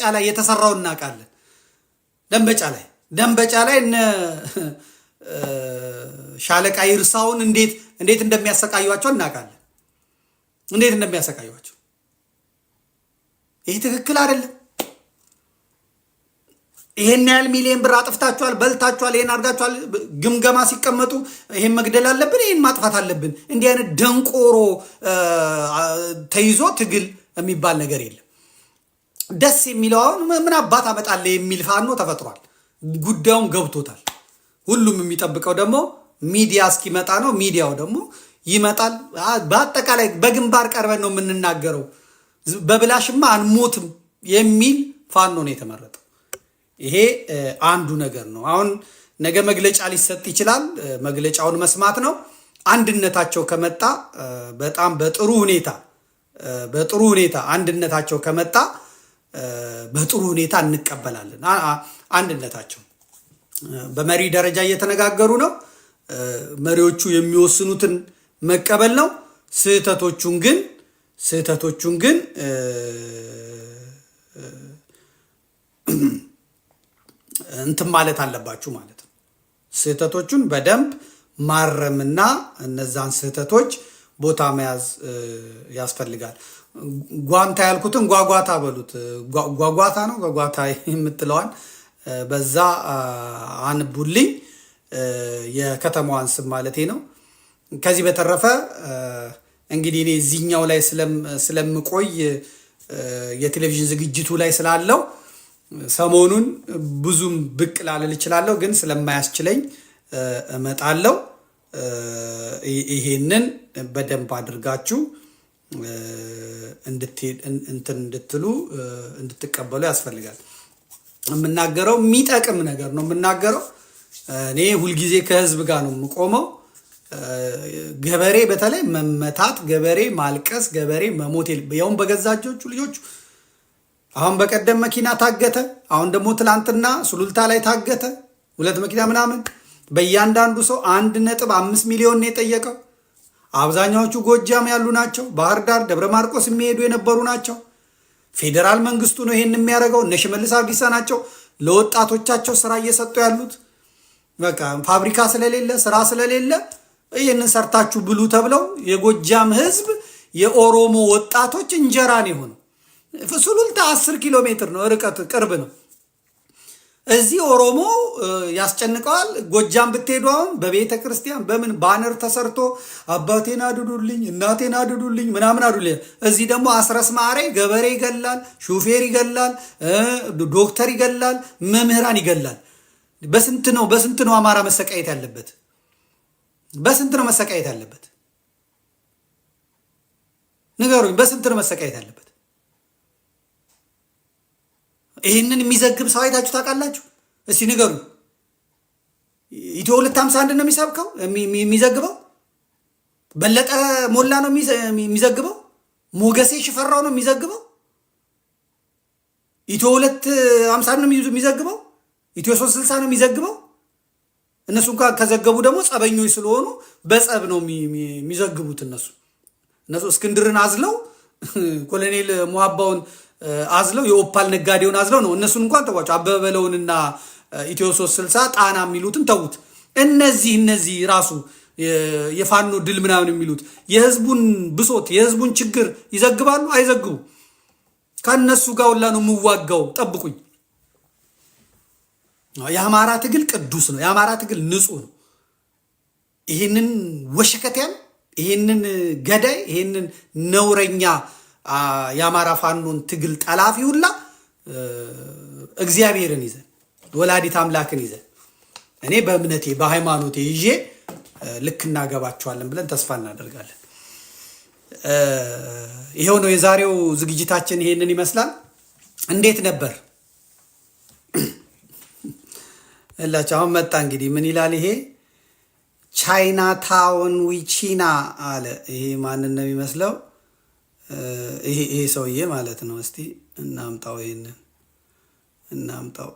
ደንበጫ ላይ የተሰራው እናውቃለን። ደንበጫ ላይ ደንበጫ ላይ እነ ሻለቃ ይርሳውን እንዴት እንዴት እንደሚያሰቃዩቸው እናውቃለን። እንዴት እንደሚያሰቃዩቸው ይህ ትክክል አይደለም። ይሄን ያህል ሚሊዮን ብር አጥፍታችኋል፣ በልታችኋል፣ ይሄን አድርጋችኋል። ግምገማ ሲቀመጡ ይሄን መግደል አለብን፣ ይሄን ማጥፋት አለብን። እንዲህ አይነት ደንቆሮ ተይዞ ትግል የሚባል ነገር የለም። ደስ የሚለው አሁን ምን አባት አመጣለ የሚል ፋኖ ተፈጥሯል። ጉዳዩን ገብቶታል። ሁሉም የሚጠብቀው ደግሞ ሚዲያ እስኪመጣ ነው። ሚዲያው ደግሞ ይመጣል። በአጠቃላይ በግንባር ቀርበን ነው የምንናገረው፣ በብላሽማ አንሞትም የሚል ፋኖ ነው የተመረጠው። ይሄ አንዱ ነገር ነው። አሁን ነገ መግለጫ ሊሰጥ ይችላል። መግለጫውን መስማት ነው። አንድነታቸው ከመጣ በጣም በጥሩ ሁኔታ በጥሩ ሁኔታ አንድነታቸው ከመጣ በጥሩ ሁኔታ እንቀበላለን። አንድነታቸው በመሪ ደረጃ እየተነጋገሩ ነው። መሪዎቹ የሚወስኑትን መቀበል ነው። ስህተቶቹን ግን ስህተቶቹን ግን እንትን ማለት አለባችሁ ማለት ነው። ስህተቶቹን በደንብ ማረምና እነዛን ስህተቶች ቦታ መያዝ ያስፈልጋል። ጓንታ ያልኩትን ጓጓታ በሉት። ጓጓታ ነው ጓጓታ የምትለዋን በዛ አንቡልኝ የከተማዋን ስም ማለቴ ነው። ከዚህ በተረፈ እንግዲህ እኔ እዚህኛው ላይ ስለምቆይ የቴሌቪዥን ዝግጅቱ ላይ ስላለው ሰሞኑን ብዙም ብቅ ላልል እችላለሁ፣ ግን ስለማያስችለኝ እመጣለሁ። ይሄንን በደንብ አድርጋችሁ እንትን እንድትሉ እንድትቀበሉ ያስፈልጋል። የምናገረው የሚጠቅም ነገር ነው የምናገረው። እኔ ሁልጊዜ ከህዝብ ጋር ነው የምቆመው። ገበሬ በተለይ መመታት፣ ገበሬ ማልቀስ፣ ገበሬ መሞት ያውም በገዛጆቹ ልጆቹ። አሁን በቀደም መኪና ታገተ፣ አሁን ደግሞ ትላንትና ሱሉልታ ላይ ታገተ ሁለት መኪና ምናምን በእያንዳንዱ ሰው አንድ ነጥብ አምስት ሚሊዮን ነው የጠየቀው። አብዛኛዎቹ ጎጃም ያሉ ናቸው። ባህር ዳር፣ ደብረ ማርቆስ የሚሄዱ የነበሩ ናቸው። ፌዴራል መንግስቱ ነው ይሄን የሚያደርገው። እነ ሽመልስ አብዲሳ ናቸው ለወጣቶቻቸው ስራ እየሰጡ ያሉት። በቃ ፋብሪካ ስለሌለ ስራ ስለሌለ ይህንን ሰርታችሁ ብሉ ተብለው የጎጃም ህዝብ የኦሮሞ ወጣቶች እንጀራን ይሁን። ሱሉልታ አስር ኪሎ ሜትር ነው ርቀት ቅርብ ነው። እዚህ ኦሮሞ ያስጨንቀዋል። ጎጃም ብትሄዱ አሁን በቤተ ክርስቲያን በምን ባነር ተሰርቶ አባቴን አድዱልኝ፣ እናቴን አድዱልኝ ምናምን አድዱልኝ። እዚህ ደግሞ አስረስ ማሬ ገበሬ ይገላል፣ ሹፌር ይገላል፣ ዶክተር ይገላል፣ መምህራን ይገላል። በስንት ነው በስንት ነው አማራ መሰቃየት ያለበት? በስንት ነው መሰቃየት ያለበት? ንገሩኝ። በስንት ነው መሰቃየት ያለበት? ይህንን የሚዘግብ ሰው አይታችሁ ታውቃላችሁ? እስቲ ንገሩ። ኢትዮ ሁለት ሀምሳ አንድ ነው የሚሰብከው የሚዘግበው፣ በለጠ ሞላ ነው የሚዘግበው፣ ሞገሴ ሽፈራው ነው የሚዘግበው፣ ኢትዮ ሁለት ሀምሳ አንድ ነው የሚዘግበው፣ ኢትዮ ሶስት ስልሳ ነው የሚዘግበው። እነሱ እንኳ ከዘገቡ ደግሞ ጸበኞች ስለሆኑ በጸብ ነው የሚዘግቡት። እነሱ እነሱ እስክንድርን አዝለው ኮሎኔል ሞሃባውን አዝለው የኦፓል ነጋዴውን አዝለው ነው። እነሱን እንኳን ተዋቸው። አበበ በለውንና ኢትዮ ሶስት ስልሳ ጣና የሚሉትን ተዉት። እነዚህ እነዚህ ራሱ የፋኖ ድል ምናምን የሚሉት የህዝቡን ብሶት የህዝቡን ችግር ይዘግባሉ አይዘግቡ? ከእነሱ ጋር ሁላ ነው የምዋጋው። ጠብቁኝ። የአማራ ትግል ቅዱስ ነው። የአማራ ትግል ንጹህ ነው። ይህንን ወሸከትያም ይህንን ገዳይ ይህንን ነውረኛ የአማራ ፋኖን ትግል ጠላፊ ሁላ እግዚአብሔርን ይዘን ወላዲት አምላክን ይዘን እኔ በእምነቴ በሃይማኖቴ ይዤ ልክ እናገባቸዋለን ብለን ተስፋ እናደርጋለን። ይሄው ነው የዛሬው ዝግጅታችን፣ ይሄንን ይመስላል። እንዴት ነበር እላቸው? አሁን መጣ እንግዲህ ምን ይላል ይሄ ቻይና ታውን ዊቺና አለ። ይሄ ማንን ነው የሚመስለው? ይሄ ሰውዬ ማለት ነው። እስቲ እናምጣው፣ ይሄንን እናምጣው።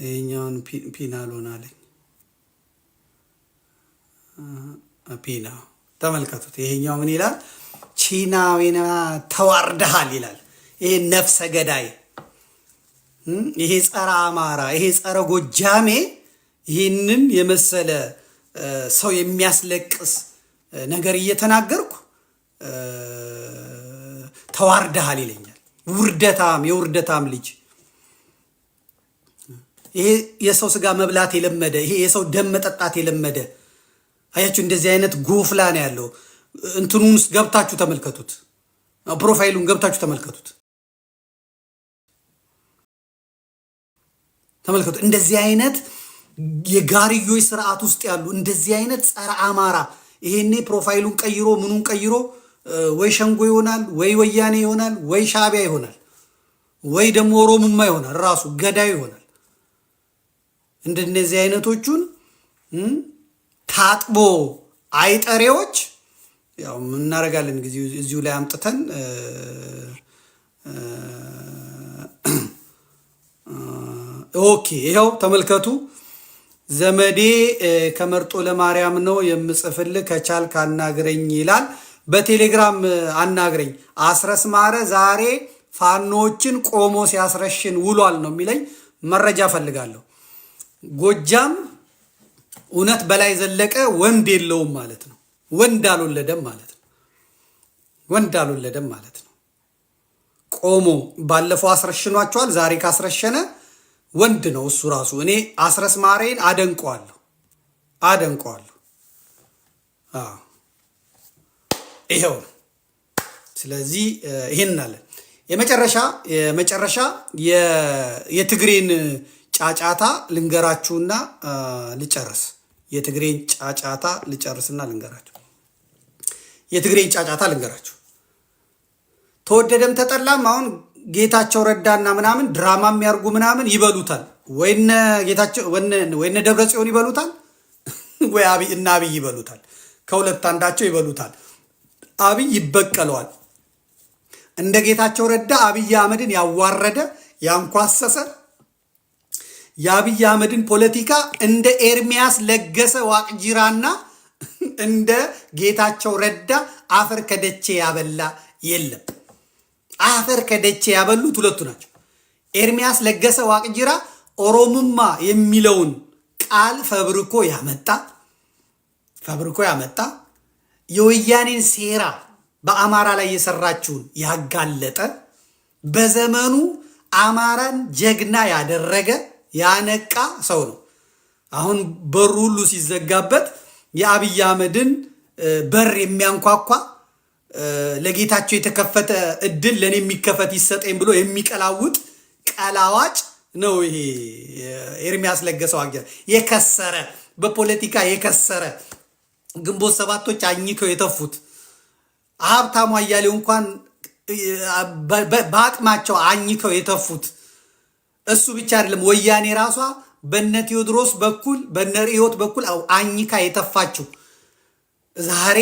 ይሄኛውን ፒና ልሆናለኝ ፒና ተመልከቱት። ይሄኛው ምን ይላል? ቺና ወይና ተዋርደሃል ይላል። ይሄ ነፍሰ ገዳይ፣ ይሄ ጸረ አማራ፣ ይሄ ጸረ ጎጃሜ ይህንን የመሰለ ሰው የሚያስለቅስ ነገር እየተናገርኩ ተዋርደሃል ይለኛል። ውርደታም የውርደታም ልጅ ይሄ የሰው ስጋ መብላት የለመደ ይሄ የሰው ደም መጠጣት የለመደ አያችሁ፣ እንደዚህ አይነት ጎፍላ ነው ያለው። እንትኑን ገብታችሁ ተመልከቱት፣ ፕሮፋይሉን ገብታችሁ ተመልከቱት፣ ተመልከቱ እንደዚህ አይነት የጋርዮሽ ስርዓት ውስጥ ያሉ እንደዚህ አይነት ጸረ አማራ ይሄኔ ፕሮፋይሉን ቀይሮ ምኑን ቀይሮ ወይ ሸንጎ ይሆናል፣ ወይ ወያኔ ይሆናል፣ ወይ ሻቢያ ይሆናል፣ ወይ ደግሞ ኦሮሙማ ይሆናል፣ ራሱ ገዳ ይሆናል። እንደነዚህ አይነቶቹን ታጥቦ አይጠሬዎች ያው እናደርጋለን ጊዜ እዚሁ ላይ አምጥተን ኦኬ፣ ይኸው ተመልከቱ። ዘመዴ ከመርጦ ለማርያም ነው የምጽፍልህ፣ ከቻልክ አናግረኝ ይላል። በቴሌግራም አናግረኝ። አስረስማረ ዛሬ ፋኖዎችን ቆሞ ሲያስረሽን ውሏል ነው የሚለኝ። መረጃ ፈልጋለሁ። ጎጃም እውነት በላይ ዘለቀ ወንድ የለውም ማለት ነው። ወንድ አልወለደም ማለት ነው። ወንድ አልወለደም ማለት ነው። ቆሞ ባለፈው አስረሽኗቸዋል። ዛሬ ካስረሸነ ወንድ ነው እሱ ራሱ። እኔ አስረስ ማሬን አደንቀዋለሁ አደንቀዋለሁ። ይሄው ነው። ስለዚህ ይሄን አለን። የመጨረሻ የመጨረሻ የትግሬን ጫጫታ ልንገራችሁና ልጨርስ። የትግሬን ጫጫታ ልጨርስና ልንገራችሁ። የትግሬን ጫጫታ ልንገራችሁ። ተወደደም ተጠላም አሁን ጌታቸው ረዳና ምናምን ድራማ የሚያርጉ ምናምን ይበሉታል፣ ወይነ ጌታቸው ወይነ ደብረ ጽዮን ይበሉታል፣ ወይ አብይ እና አብይ ይበሉታል። ከሁለት አንዳቸው ይበሉታል። አብይ ይበቀለዋል። እንደ ጌታቸው ረዳ አብይ አህመድን ያዋረደ ያንኳሰሰ የአብይ አህመድን ፖለቲካ እንደ ኤርሚያስ ለገሰ ዋቅጅራና እንደ ጌታቸው ረዳ አፈር ከደቼ ያበላ የለም። አፈር ከደቼ ያበሉት ሁለቱ ናቸው። ኤርሚያስ ለገሰ ዋቅጅራ ኦሮምማ የሚለውን ቃል ፈብርኮ ያመጣ ፈብርኮ ያመጣ የወያኔን ሴራ በአማራ ላይ የሰራችውን ያጋለጠ በዘመኑ አማራን ጀግና ያደረገ ያነቃ ሰው ነው። አሁን በሩ ሁሉ ሲዘጋበት የአብይ አህመድን በር የሚያንኳኳ ለጌታቸው የተከፈተ እድል ለእኔ የሚከፈት ይሰጠኝ ብሎ የሚቀላውጥ ቀላዋጭ ነው። ይሄ ኤርሚያስ ለገሰው አገር የከሰረ በፖለቲካ የከሰረ ግንቦት ሰባቶች አኝከው የተፉት ሀብታሙ አያሌው እንኳን በአቅማቸው አኝከው የተፉት እሱ ብቻ አይደለም። ወያኔ ራሷ በነ ቴዎድሮስ በኩል በነ ርዕዮት በኩል አኝካ የተፋችው ዛሬ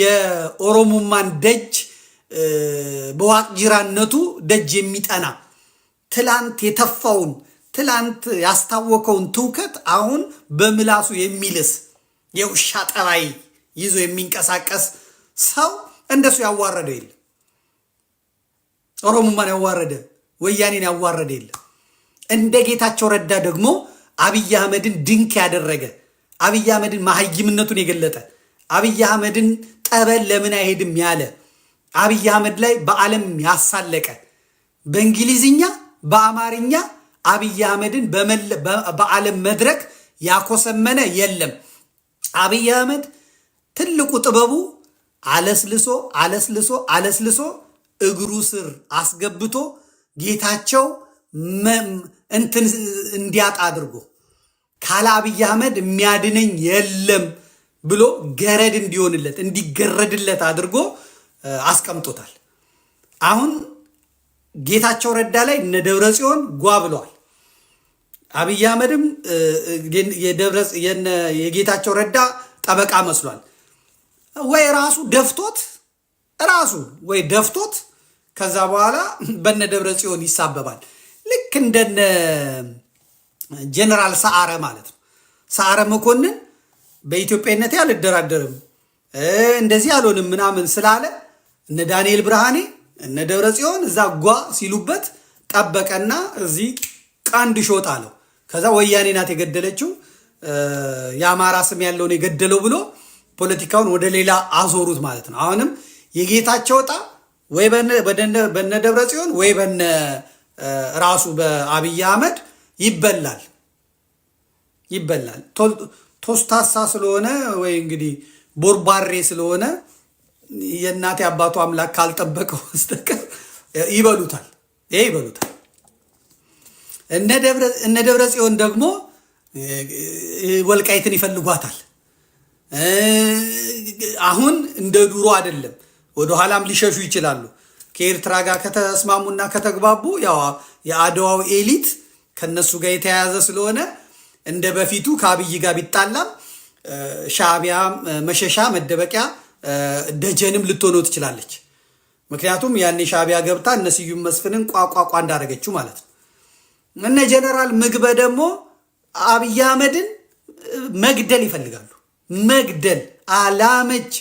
የኦሮሞማን ደጅ በዋቅ ጅራነቱ ደጅ የሚጠና ትላንት የተፋውን ትላንት ያስታወቀውን ትውከት አሁን በምላሱ የሚልስ የውሻ ጠባይ ይዞ የሚንቀሳቀስ ሰው እንደሱ ያዋረደ የለ። ኦሮሞማን ያዋረደ ወያኔን ያዋረደ የለ። እንደ ጌታቸው ረዳ ደግሞ አብይ አህመድን ድንክ ያደረገ አብይ አህመድን መሀይምነቱን የገለጠ አብይ አህመድን ጠበል ለምን አይሄድም ያለ አብይ አህመድ ላይ በዓለም ያሳለቀ በእንግሊዝኛ በአማርኛ አብይ አህመድን በዓለም መድረክ ያኮሰመነ የለም። አብይ አህመድ ትልቁ ጥበቡ አለስልሶ አለስልሶ አለስልሶ እግሩ ስር አስገብቶ ጌታቸው እንትን እንዲያጣ አድርጎ ካለ አብይ አህመድ የሚያድነኝ የለም ብሎ ገረድ እንዲሆንለት እንዲገረድለት አድርጎ አስቀምጦታል። አሁን ጌታቸው ረዳ ላይ እነ ደብረ ጽዮን ጓ ብለዋል። አብይ አህመድም የጌታቸው ረዳ ጠበቃ መስሏል። ወይ ራሱ ደፍቶት ራሱ ወይ ደፍቶት ከዛ በኋላ በነ ደብረ ጽዮን ይሳበባል። ልክ እንደነ ጀነራል ሰዓረ ማለት ነው። ሰዓረ መኮንን በኢትዮጵያነቴ አልደራደርም እንደዚህ አልሆንም ምናምን ስላለ እነ ዳንኤል ብርሃኔ እነ ደብረ ጽዮን እዛ ጓ ሲሉበት ጠበቀና እዚህ ቀንድ ሾጥ አለው። ከዛ ወያኔ ናት የገደለችው የአማራ ስም ያለውን የገደለው ብሎ ፖለቲካውን ወደ ሌላ አዞሩት ማለት ነው። አሁንም የጌታቸው ዕጣ ወይ በነ ደብረ ጽዮን ወይ በነ ራሱ በአብይ አህመድ ይበላል ይበላል። ቶስታሳ ስለሆነ ወይ እንግዲህ ቦርባሬ ስለሆነ የእናቴ አባቱ አምላክ ካልጠበቀው በስተቀር ይበሉታል። ይሄ ይበሉታል። እነ ደብረ ጽዮን ደግሞ ወልቃይትን ይፈልጓታል። አሁን እንደ ዱሮ አይደለም። ወደኋላም ሊሸሹ ይችላሉ። ከኤርትራ ጋር ከተስማሙና ከተግባቡ ያው የአድዋው ኤሊት ከነሱ ጋር የተያያዘ ስለሆነ እንደ በፊቱ ከአብይ ጋር ቢጣላም ሻዕቢያ መሸሻ መደበቂያ ደጀንም ልትሆነው ትችላለች። ምክንያቱም ያኔ ሻዕቢያ ገብታ እነ ስዩም መስፍንን ቋቋቋ እንዳደረገችው ማለት ነው። እነ ጀነራል ምግበ ደግሞ አብይ አህመድን መግደል ይፈልጋሉ። መግደል አላመች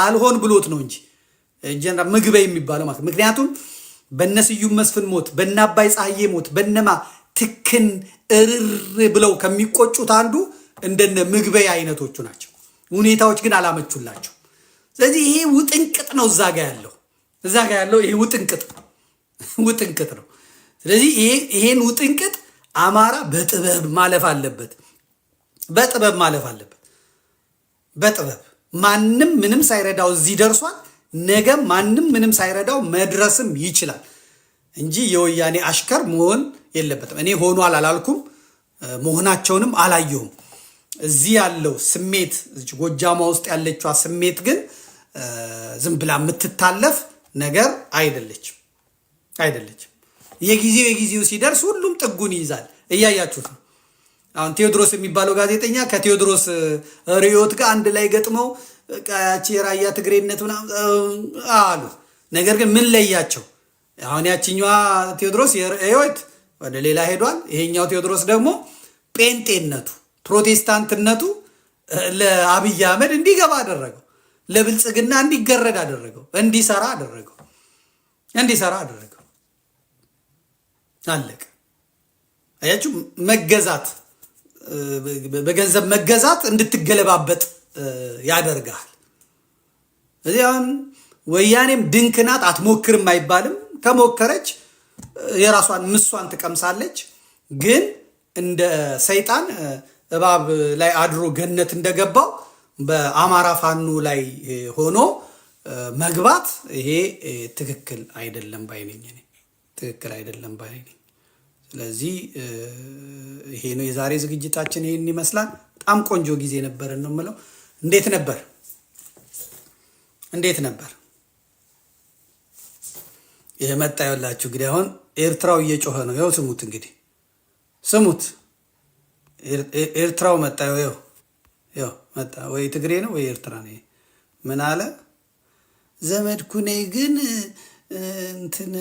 አልሆን ብሎት ነው እንጂ ጀነራል ምግበ የሚባለው ማለት ምክንያቱም በነ ስዩም መስፍን ሞት፣ በነ አባይ ፀሐዬ ሞት፣ በነማ ትክን እርር ብለው ከሚቆጩት አንዱ እንደነ ምግበያ አይነቶቹ ናቸው። ሁኔታዎች ግን አላመቹላቸው። ስለዚህ ይሄ ውጥንቅጥ ነው እዛ ጋ ያለው እዛ ጋ ያለው ይሄ ውጥንቅጥ ውጥንቅጥ ነው። ስለዚህ ይሄን ውጥንቅጥ አማራ በጥበብ ማለፍ አለበት፣ በጥበብ ማለፍ አለበት። በጥበብ ማንም ምንም ሳይረዳው እዚህ ደርሷል። ነገም ማንም ምንም ሳይረዳው መድረስም ይችላል። እንጂ የወያኔ አሽከር መሆን የለበትም። እኔ ሆኗል አላልኩም፣ መሆናቸውንም አላየሁም። እዚህ ያለው ስሜት ጎጃማ ውስጥ ያለችዋ ስሜት ግን ዝም ብላ የምትታለፍ ነገር አይደለችም አይደለችም። የጊዜው የጊዜው ሲደርስ ሁሉም ጥጉን ይይዛል። እያያችሁት ነው። አሁን ቴዎድሮስ የሚባለው ጋዜጠኛ ከቴዎድሮስ ርዕዮት ጋር አንድ ላይ ገጥመው ቃያች ትግሬነት ምናምን አሉ። ነገር ግን ምን ለያቸው? አሁን ያችኛዋ ቴዎድሮስ የህይወት ወደ ሌላ ሄዷል። ይሄኛው ቴዎድሮስ ደግሞ ጴንጤነቱ ፕሮቴስታንትነቱ ለአብይ አህመድ እንዲገባ አደረገው። ለብልጽግና እንዲገረድ አደረገው። እንዲሰራ አደረገው። እንዲሰራ አደረገው። አለቅ አያችሁ፣ መገዛት በገንዘብ መገዛት እንድትገለባበጥ ያደርግሃል። እዚህ ወያኔም ድንክ ናት አትሞክርም አይባልም። ከሞከረች የራሷን ምሷን ትቀምሳለች። ግን እንደ ሰይጣን እባብ ላይ አድሮ ገነት እንደገባው በአማራ ፋኖ ላይ ሆኖ መግባት ይሄ ትክክል አይደለም ባይነኝ እኔ ትክክል አይደለም ባይነኝ። ስለዚህ ይሄ ነው የዛሬ ዝግጅታችን፣ ይህን ይመስላል። በጣም ቆንጆ ጊዜ ነበር ነው የምለው። እንዴት ነበር? እንዴት ነበር? የመጣ ያላችሁ እንግዲህ አሁን ኤርትራው እየጮኸ ነው። ያው ስሙት እንግዲህ ስሙት። ኤርትራው መጣ። ያው ያው መጣ። ወይ ትግሬ ነው ወይ ኤርትራ ነው። ምን አለ ኩኔ ግን እንትን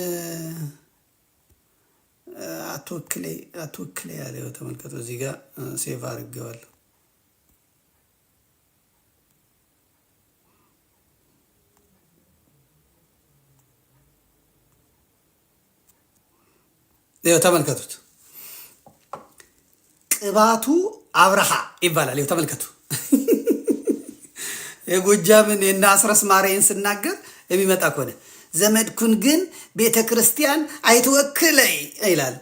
አትወክሌ አትወክሌ ያለው ተመልከቱ። እዚህ ጋር ሴቭ አድርጌዋለሁ። ተመልከቱት። ቅባቱ አብረሃ ይባላል። ተመልከቱ። የጎጃምን እና አስረስ ማርያምን ስናገር የሚመጣ ከሆነ ዘመድኩን ግን ቤተ ክርስቲያን አይትወክለይ ይላል።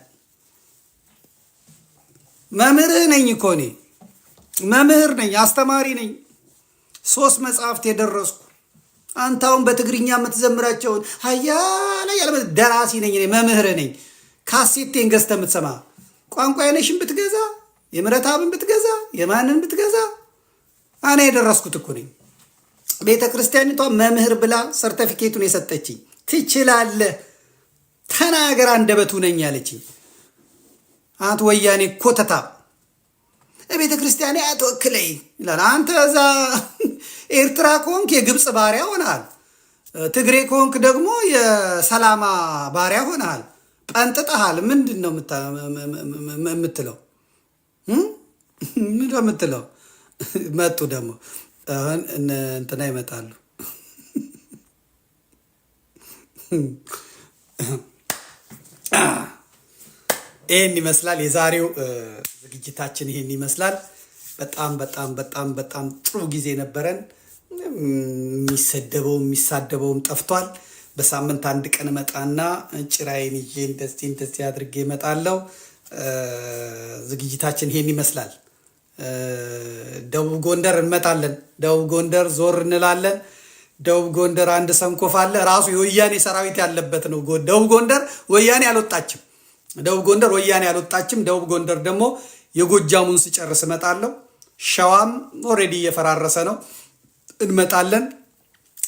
መምህርህ ነኝ እኮ እኔ መምህር ነኝ፣ አስተማሪ ነኝ፣ ሶስት መጽሐፍት የደረስኩ አንተ አሁን በትግርኛ የምትዘምራቸውን ሀያ ላይ ደራሲ ነኝ፣ መምህር ነኝ። ካሴቴን ገዝተህ የምትሰማ ቋንቋ የነሽን ብትገዛ የምረታብን ብትገዛ የማንን ብትገዛ እኔ የደረስኩት እኮ ነኝ። ቤተ ክርስቲያኒቷ መምህር ብላ ሰርተፊኬቱን የሰጠችኝ ትችላለህ ተናገር አንደበቱ ነኝ ያለች አንተ ወያኔ ኮተታ ቤተ ክርስቲያን አትወክለኝ ይላል። አንተ እዛ ኤርትራ ከሆንክ የግብፅ ባሪያ ሆናል። ትግሬ ከሆንክ ደግሞ የሰላማ ባሪያ ሆናል። ጠንጥጠሃል። ምንድን ነው የምትለው? ምንድን የምትለው? መጡ ደግሞ አሁን እንትና ይመጣሉ። ይህን ይመስላል የዛሬው ዝግጅታችን። ይህን ይመስላል። በጣም በጣም በጣም በጣም ጥሩ ጊዜ ነበረን። የሚሰደበውም የሚሳደበውም ጠፍቷል። በሳምንት አንድ ቀን እመጣና ጭራዬን ይዤ እንደዚህ እንደዚህ አድርጌ እመጣለሁ። ዝግጅታችን ይሄን ይመስላል። ደቡብ ጎንደር እንመጣለን። ደቡብ ጎንደር ዞር እንላለን። ደቡብ ጎንደር አንድ ሰንኮፍ አለ። ራሱ የወያኔ ሰራዊት ያለበት ነው። ደቡብ ጎንደር ወያኔ አልወጣችም። ደቡብ ጎንደር ወያኔ አልወጣችም። ደቡብ ጎንደር ደግሞ የጎጃሙን ስጨርስ እመጣለሁ። ሸዋም ኦልሬዲ እየፈራረሰ ነው። እንመጣለን።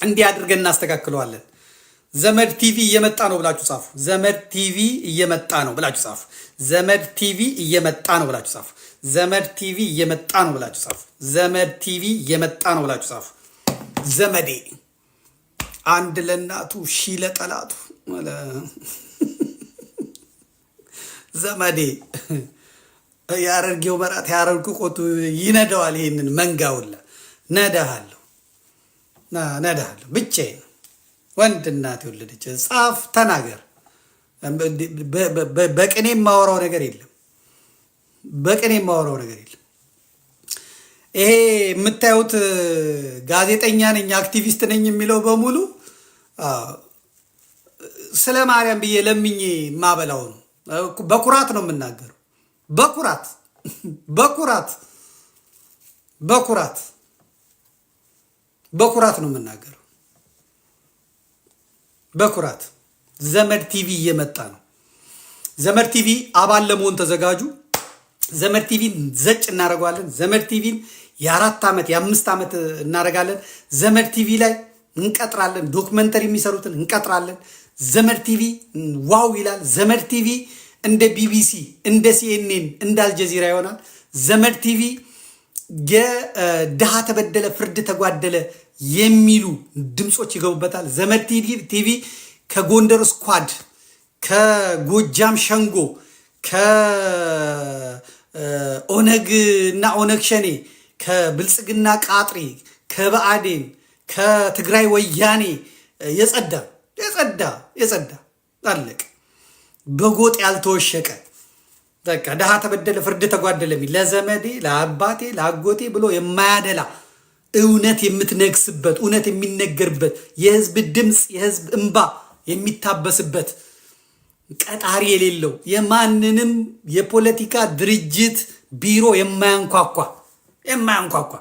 እንዲህ አድርገን እናስተካክለዋለን። ዘመድ ቲቪ እየመጣ ነው ብላችሁ ጻፉ። ዘመድ ቲቪ እየመጣ ነው ብላችሁ ጻፉ። ዘመድ ቲቪ እየመጣ ነው ብላችሁ ጻፉ። ዘመድ ቲቪ እየመጣ ነው ብላችሁ ጻፉ። ዘመድ ቲቪ እየመጣ ነው ብላችሁ ጻፉ። ዘመዴ አንድ ለእናቱ ሺ ለጠላቱ ዘመዴ የአረርጌው መራት ያረርኩ ቆቱ ይነደዋል። ይህንን መንጋውላ ነዳሃለሁ ነዳሃለሁ ብቻዬን ወንድ እናት የወለደች ጻፍ፣ ተናገር። በቅኔ የማወራው ነገር የለም። በቅኔ የማወራው ነገር የለም። ይሄ የምታዩት ጋዜጠኛ ነኝ አክቲቪስት ነኝ የሚለው በሙሉ ስለ ማርያም ብዬ ለምኜ የማበላው ነው። በኩራት ነው የምናገረው። በኩራት በኩራት በኩራት በኩራት ነው የምናገረው። በኩራት ዘመድ ቲቪ እየመጣ ነው። ዘመድ ቲቪ አባል ለመሆን ተዘጋጁ። ዘመድ ቲቪን ዘጭ እናደርገዋለን። ዘመድ ቲቪን የአራት ዓመት የአምስት ዓመት እናደርጋለን። ዘመድ ቲቪ ላይ እንቀጥራለን። ዶክመንተሪ የሚሰሩትን እንቀጥራለን። ዘመድ ቲቪ ዋው ይላል። ዘመድ ቲቪ እንደ ቢቢሲ እንደ ሲኤንኤን እንደ አልጀዚራ ይሆናል። ዘመድ ቲቪ የድሃ ተበደለ ፍርድ ተጓደለ የሚሉ ድምፆች ይገቡበታል። ዘመድ ቲቪ ከጎንደር ስኳድ፣ ከጎጃም ሸንጎ፣ ከኦነግ እና ኦነግ ሸኔ፣ ከብልጽግና ቃጥሪ፣ ከበአዴን፣ ከትግራይ ወያኔ የጸዳ የጸዳ የጸዳ አለቅ በጎጥ ያልተወሸቀ በቃ ድሃ ተበደለ ፍርድ ተጓደለ የሚል ለዘመዴ ለአባቴ ለአጎቴ ብሎ የማያደላ እውነት የምትነግስበት እውነት የሚነገርበት የህዝብ ድምፅ የህዝብ እንባ የሚታበስበት ቀጣሪ የሌለው የማንንም የፖለቲካ ድርጅት ቢሮ የማያንኳኳ የማያንኳኳ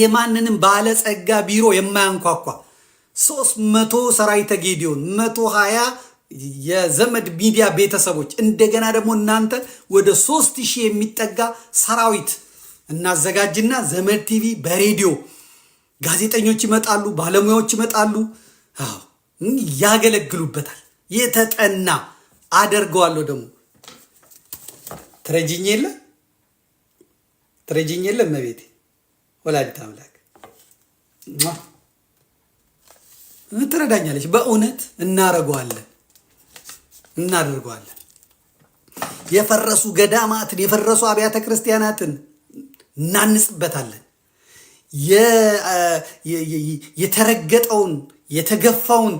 የማንንም ባለጸጋ ቢሮ የማያንኳኳ ሶስት መቶ ሰራዊተ ጌዲዮን መቶ ሀያ የዘመድ ሚዲያ ቤተሰቦች እንደገና ደግሞ እናንተ ወደ ሶስት ሺህ የሚጠጋ ሰራዊት እናዘጋጅና ዘመድ ቲቪ በሬዲዮ ጋዜጠኞች ይመጣሉ፣ ባለሙያዎች ይመጣሉ፣ ያገለግሉበታል። የተጠና አደርገዋለሁ። ደግሞ ትረጅኝ የለ ትረጅኝ የለ እመቤቴ ወላዲት አምላክ ትረዳኛለች። በእውነት እናረገዋለን እናደርገዋለን። የፈረሱ ገዳማትን የፈረሱ አብያተ ክርስቲያናትን እናንጽበታለን። የተረገጠውን የተገፋውን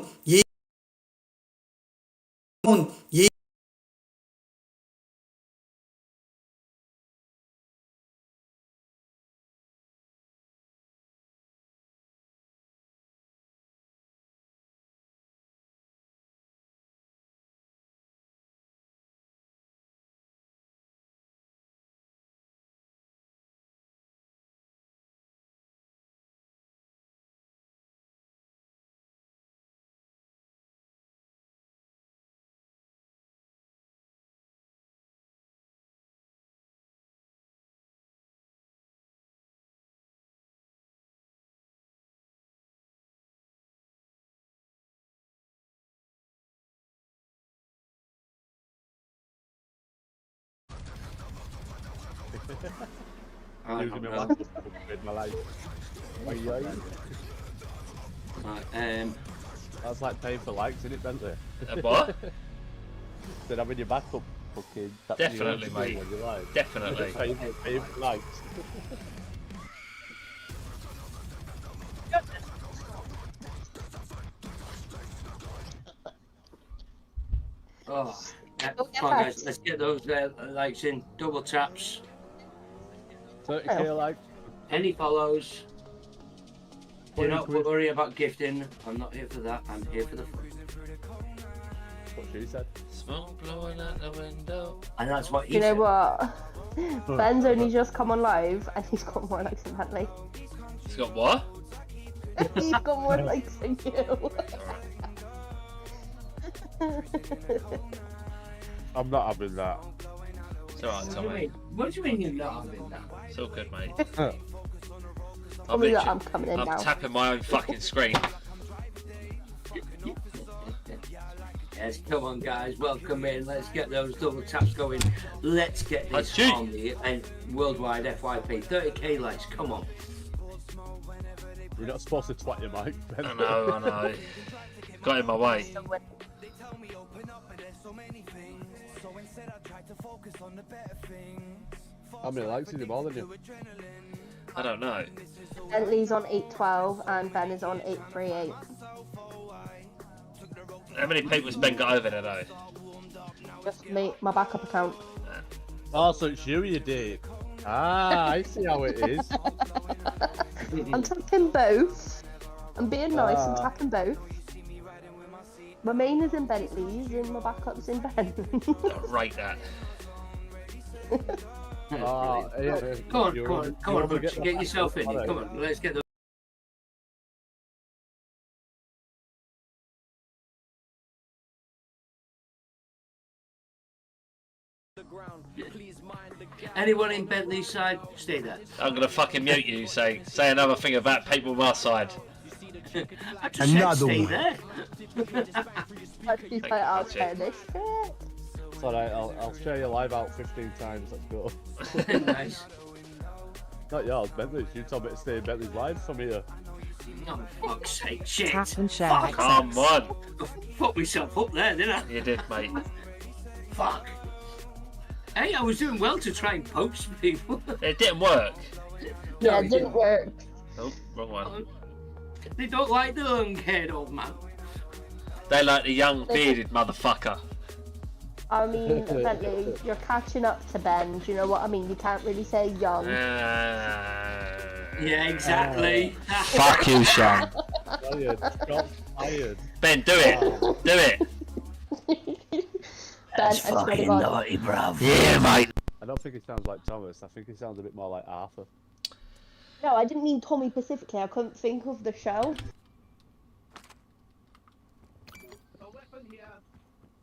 Ai, Deus, meu Right, um, That's like paying for likes, isn't it, Bentley? Uh, what? Then having your backup fucking. that's Definitely, mate. you like. Definitely. Paying for- for likes. Oh, oh yeah, guys. Let's get those uh, likes in. Double taps. 30 Penny follows. Do not quid. worry about gifting. I'm not here for that. I'm here for the fun. What she said. Smoke blowing out the window. And that's what he You know said. what? Ben's only just come on live and he's got more likes than Bentley. He's got what? he's got more likes than you. I'm not having that. So alright, What do you mean you're not having that? It's good, mate. I'm, oh, yeah, I'm coming in I'm now. tapping my own fucking screen. Yes, come on, guys, welcome in. Let's get those double taps going. Let's get this Achoo. on the and worldwide FYP. 30k likes, come on. You're not supposed to twat your mic. I know, I know. Got in my way. How many likes did he bother you? I don't know. Bentley's on 812 and Ben is on 838. How many people has Ben got over there though? Just me, my backup account. Oh, so it's you, you did. Ah, I see how it is. I'm tapping both. I'm being nice and Ah. tapping both. My main is in Bentley's and my backup's in Ben. Don't rate that oh, yeah, come on, come on, come on, get, get yourself in. Come on, let's get the. Anyone in Bentley's side, stay there. I'm gonna fucking mute you. Say, say another thing about people on my side. I just Another said, stay one. there. I keep my eyes all right. I'll, I'll live out 15 times. Let's go. nice. Not yours, Bentley's. You told me to stay in Bentley's live from here. Oh, fuck's sake, shit. Tap and share. Fuck, Come on. Fuck myself up there, didn't I? You did, mate. Fuck. Hey, I was doing well to try and poke some people. It didn't work. No, it didn't work. Oh, wrong one. Um, they don't like the long haired old man. They like the young bearded motherfucker. I mean, Bentley, you're catching up to Ben. Do you know what I mean? You can't really say young. Uh, yeah, exactly. Uh, Fuck you, Sean. Tired. Got tired. Ben, do it. Do it. ben, That's I fucking naughty, bruv. Yeah, mate. I don't think he sounds like Thomas. I think he sounds a bit more like Arthur. No, I didn't mean Tommy specifically. I couldn't think of the show.